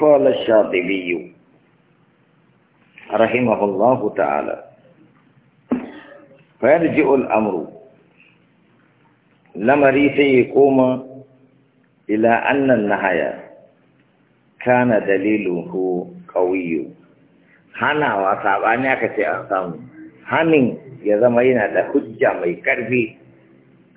قال الشاطبي رحمه الله تعالى فيرجع الأمر لمري يقوم إلى أن النهاية كان دليله قوي هنا وصابانيا كتأخم هنين يزمين هذا حجة ميكربي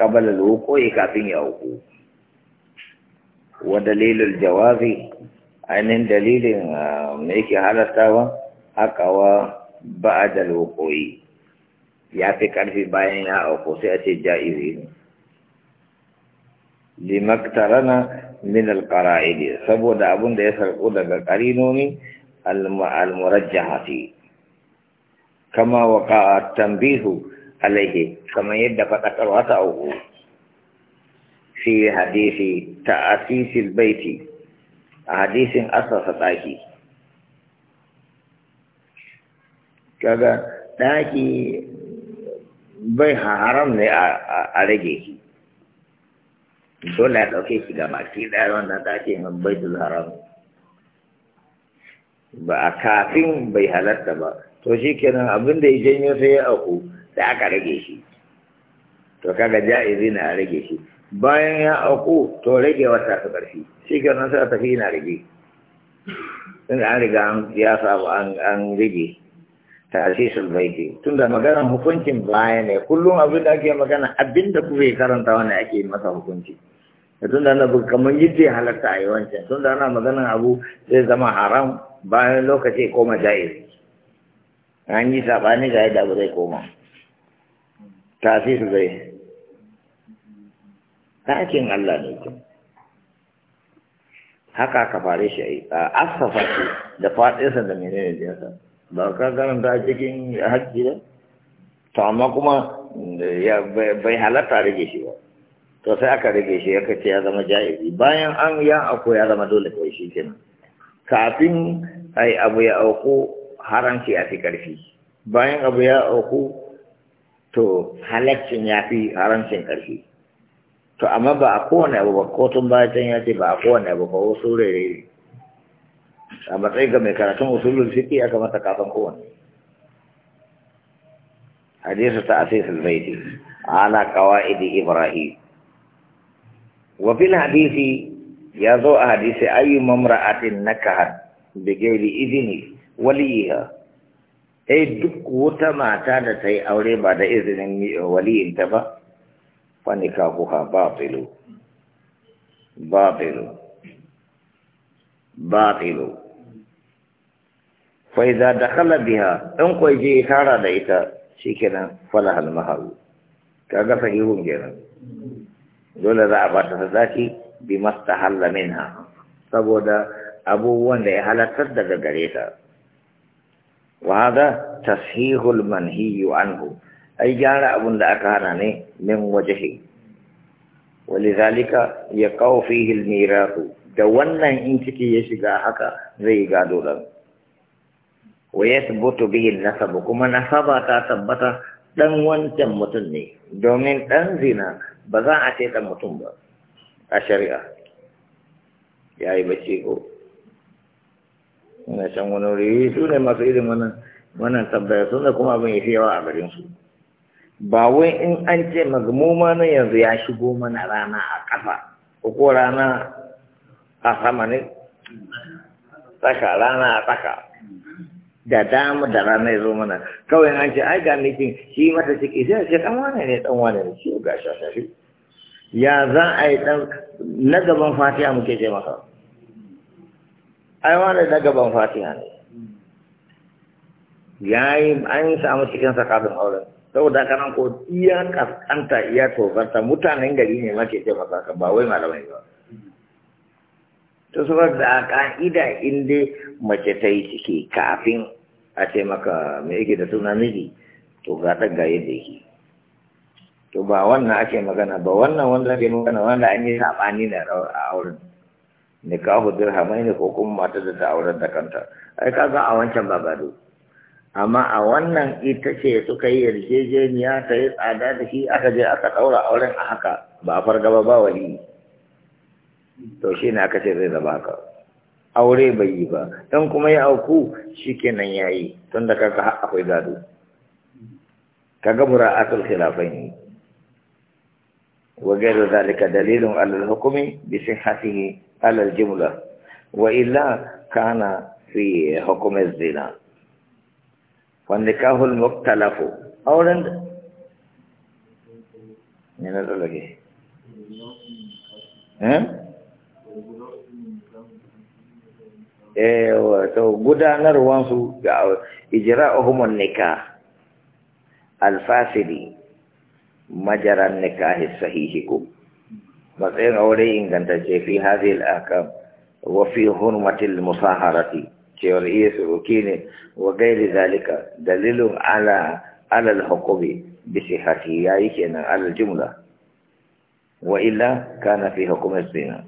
قبل الوقوع كافين يوقوع ودليل الجواز ainihin dalilin ah, me yake halattawa hakawa ba da lokoyi ya fi ƙarfi bayan ya auku sai a ce ja'izi ne limaktarana min alqara'id saboda abun da ya sarko daga qarinoni hafi. kama waqa'a tambihu alaihe kama yadda fadakarwa ta auku fi hadisi ta asisi baiti. a hadisin asasa ɗaki kaga ɗaki bai haram ne a rage shi. dole ya ɗauke shi ga maki ɗaya wannan ɗaki mai su haram ba a kafin bai halarta ba to shi kenan abin da ya janyo sai ya auku da aka rage shi to kaga ja'izi na a rage shi bayan ya auku to rage wata ta ƙarfi shi ke nan sai a tafi yana rage tun an riga an ya samu an rage ta asisul baiti tun da magana hukuncin baya ne kullum abin da ake magana abin da kuke karanta wani ake masa hukunci da tun da na kamar yadda ya halatta a yi wancan tun da ana maganar abu zai zama haram bayan lokaci koma jaiz an yi saɓani ga yadda abu zai koma tasisul baiti ɗakin Allah ne kin haka ka fare shi a asafa shi da faɗinsa da menene jinsa ba ka karanta cikin haƙƙi ba to amma kuma bai halatta rage shi ba to sai aka rage shi ya kace ya zama ja'izi bayan an ya ako ya zama dole kai shi kenan kafin ai abu ya auku haramci a fi karfi bayan abu ya auku to halaccin ya fi haramcin karfi to amma ba a kowane abu ba ko tun baya can ya ce ba a kowane abu ba wasu rere a matsayin ga mai karatun usulun fiqi aka mata kafin kowane hadisu ta asisul baiti ala qawaidi ibrahim wa fil hadisi ya zo a hadisi ayyu mamra'atin nakahat bi ghairi idni waliha ai eh, duk wata mata da ta yi aure ba da izinin waliyinta ba panikahuha babilu babilu babilu fa idza dakhala biha in kai je tara da ita shikenan falahal mahal kaga sai yuhun gera dole za a bata ta zaki bi mastahalla minha saboda abubuwan da ya halartar daga gare ta wa hada tashihul manhiyu anhu ai gyara abun da aka hana ne min wajahi walizalika ya kawo fihi almirasu da wannan in ciki ya shiga haka zai gado da wa yathbutu bihi nasab kuma nasaba ta tabbata dan wancan mutum ne domin dan zina ba za a ce dan mutum ba a shari'a Ya yi bace ko ina san wani wuri su ne masu irin wannan wannan tabbaya kuma abin ya fi yawa a garin su ba wai in an ce mazmuma na yanzu ya shigo mana rana a ƙafa ko rana a sama ne tsaka rana a tsaka da dama da rana ya zo mana kawai an ce ai ga mitin shi mata ciki sai ce dan wane ne dan wane ne shi ga shafi ya za a yi dan na gaban fatiha muke ce maka ai wane na gaban fatiha ne ya yi an samu cikin sakafin auren saboda haka nan ko iya kaskanta iya tofarta mutanen gari ne ma ke ce masa ka ba wai malamai ba to saboda da ka'ida in dai mace ta yi ciki kafin a ce maka me yake da suna miji to ga ta ga yadda yake to ba wannan ake magana ba wannan wanda ake magana wanda an yi saɓani na a auren nikahu hamai ne ko kuma mata da ta auren da kanta ai kaga a wancan babado amma a wannan ita ce suka yi yarjejeniya ta yi tsada da shi aka je aka ɗaura auren a haka ba a fargaba ba wani to shi ne aka ce zai zaba ka aure bai yi ba don kuma ya auku shi kenan ya yi tun da kaka akwai gado kaga mura'atul khilafai ne wa gairu zalika dalilin alal hukumi bi sihhatihi alal jimla wa illa kana fi hukumar zina والنكاح المختلف أولا من الرلقي ها to gudanarwansu ga ijra'uhumun nikah alfasidi majaran nikahi sahihikum matsayin aure inganta fi hadhihi al-akam wa fi hurmatil musaharati شرعية الركين وغير ذلك دليل على على الحقوق بصحتيائك على الجملة وإلا كان في حكم الزنا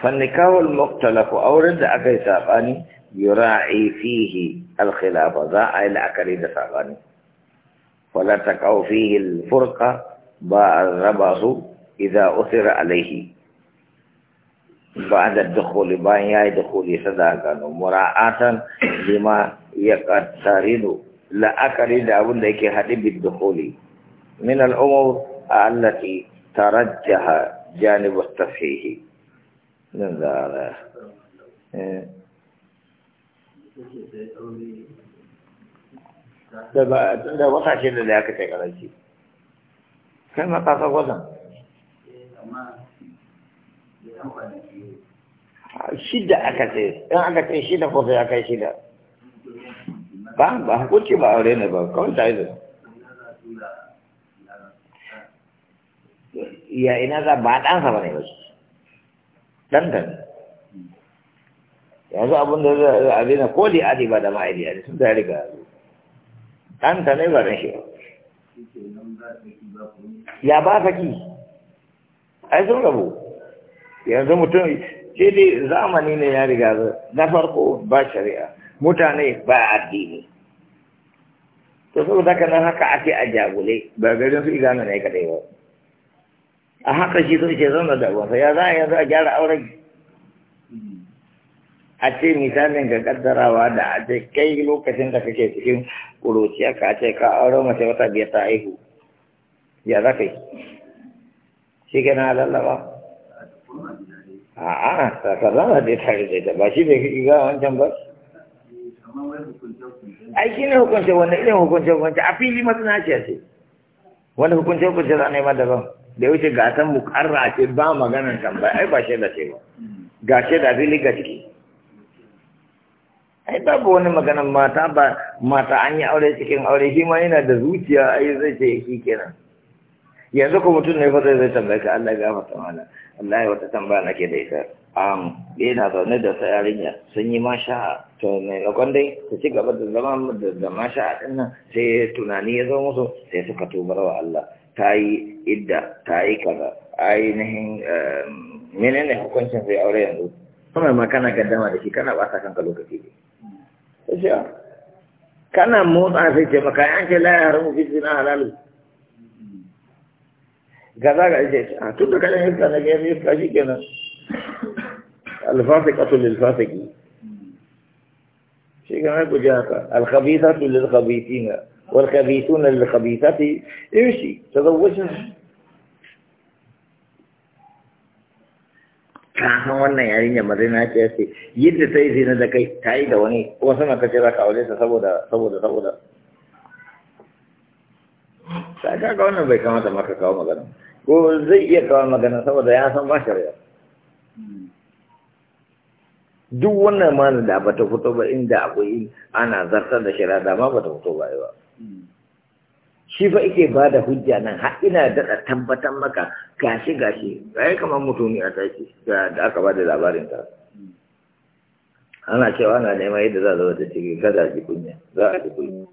فالنكاو المختلف أورد أكري ساقاني يراعي فيه الخلاف ضاع إلى أكري ساقاني فلا تقع فيه الفرقة بعض الرباص إذا أثر عليه بعد الدخول ياي دخول صداقة مراعاة لما يقترن لا أكل أقول لك هذه بالدخول من الأمور التي ترجح جانب التصحيح من ذلك da ba da wata ce da da aka kai karanci kai shida aka ce in aka ce shida ko sai aka yi shida ba ba hukunci ba aure ne ba kawai ta yi da. ya ina za ba ɗansa ba ne ba shi ɗanɗan yanzu abin da zai abin da koli adi ba da ma'aidi adi sun ta riga ɗanta ne ba rashi ba ya ba saki ai sun rabu yanzu mutum ce dai zamani ne ya riga na farko ba shari'a mutane ba addini to saboda ka nan haka ake a jagule ba garin su na ne kadai ba a haka shi sun ce zan da uwansa ya za a yanzu a gyara auren a ce misalin ga kaddarawa da a ce kai lokacin da kake cikin ƙuruciya ka ce ka auren mace wata biyar ta haihu ya za ka yi shi ke lallaba a'a sakamakon da ya tare da ita ba shi da iga wancan ba Aiki ne hukunce wanda irin hukunce hukunce a fili masu matsanaciya ce wani hukunce hukunce za a nema daban da wuce ga gasan mukarra ce ba maganan tambaya ai ba shaida ce ba ga shaida fili ga ciki ai babu wani maganan mata ba mata an yi aure cikin aure shi ma yana da zuciya ai zai ce shi kenan yanzu ko mutum ne fata zai tambaye ka Allah ya gafarta mana Allah ya wata tambaya nake da ita am yana zaune da sa yarinya sun yi masha to ne lokon dai su ci gaba da zama da da masha din nan sai tunani ya zo musu sai suka tuba wa Allah ta yi idda ta yi kaza ainihin eh, menene hukuncin sai aure yanzu kuma ma kana gaddama da shi kana ba sa kanka lokaci ne kana motsa sai ce maka an ce la ya haramu fi zina halalu كذا قال آه تقول لك انا يفتح انا جاي يفتح شيء كذا الفاسقة للفاسق شيء كما يقول جاءك الخبيثة للخبيثين والخبيثون للخبيثات امشي تزوجها kafin wannan yarinya madina ce ya ce yadda ta yi zina da kai ta yi da wani wasu na kace za ka aure ta saboda saboda saboda ta kaga wannan bai kamata maka kawo magana ko zai iya kawo magana saboda ya san ba shari'a duk wannan mana da ba ta fito ba inda akwai ana zartar da shari'a da ma ba ta fito ba ba shi fa ike ba da hujja nan har ina daɗa tabbatar maka gashi gashi ya kamar mutumi a tashi da aka ba da labarin ta ana cewa ana neman yadda za a zama ta ciki kada a ji kunya za a ji kunya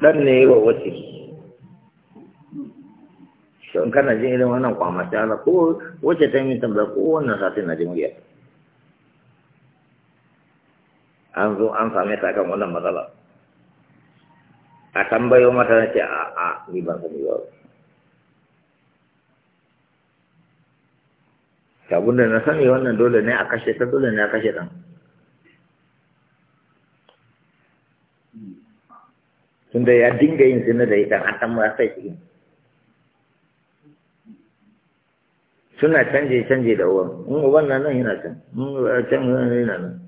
ɗan ne wa wacce to in kana jin irin wannan kwamata ala ko wace ta yi tambaya ko wannan satin na jin wuya an zo an same ta kan wannan matsala a tambayo mata na ce a a ni ban sani ba Sabu da na sani wannan dole ne a kashe ta dole ne a kashe ɗan tunda ya dinga yin sinadari ita an tambaya sai cikin suna canje canje da uwan in uban na nan yana can in can yana nan